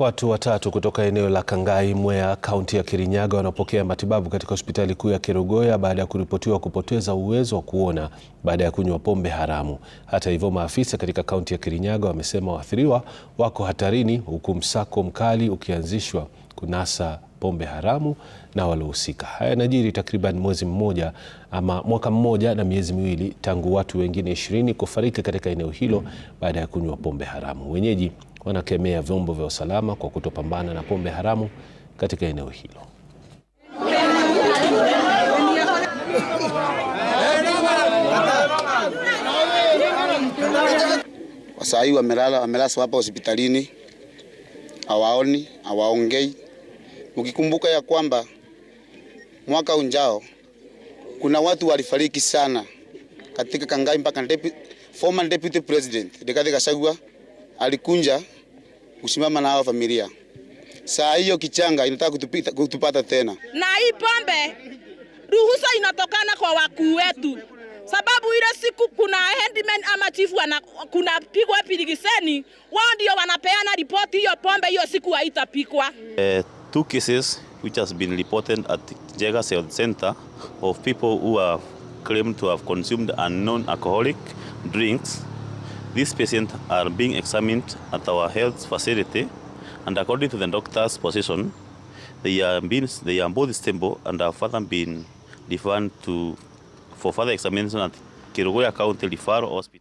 Watu watatu kutoka eneo la Kangai, Mwea, kaunti ya Kirinyaga wanapokea matibabu katika hospitali kuu ya Kerugoya baada ya kuripotiwa kupoteza uwezo wa kuona baada ya kunywa pombe haramu. Hata hivyo, maafisa katika kaunti ya Kirinyaga wamesema waathiriwa wako hatarini, huku msako mkali ukianzishwa kunasa pombe haramu na waliohusika. Haya yanajiri takriban mwezi mmoja ama mwaka mmoja na miezi miwili tangu watu wengine ishirini kufariki katika eneo hilo baada ya kunywa pombe haramu. Wenyeji wanakemea vyombo vya usalama kwa kutopambana na pombe haramu katika eneo hilo. Wasai wamelala wamelazwa hapa hospitalini, hawaoni hawaongei, ukikumbuka ya kwamba mwaka unjao kuna watu walifariki sana katika Kangai mpaka former deputy president Rigathi Gachagua alikunja kusimama na hao familia. Saa hiyo kichanga inataka kutupita, kutupata tena, na hii pombe ruhusa inatokana kwa wakuu wetu, sababu ile siku kuna handyman ama chifu pigwa pilikiseni, wao ndio wanapeana ripoti hiyo pombe hiyo siku haitapikwa. Uh, two cases which has been reported at Jega Health Center of people who have claimed to have consumed unknown alcoholic drinks These patients are being examined at our health facility and according to the doctor's position, they are, being, they are both stable and are further been referred to for further examination at Kirugoya County Referral Hospital.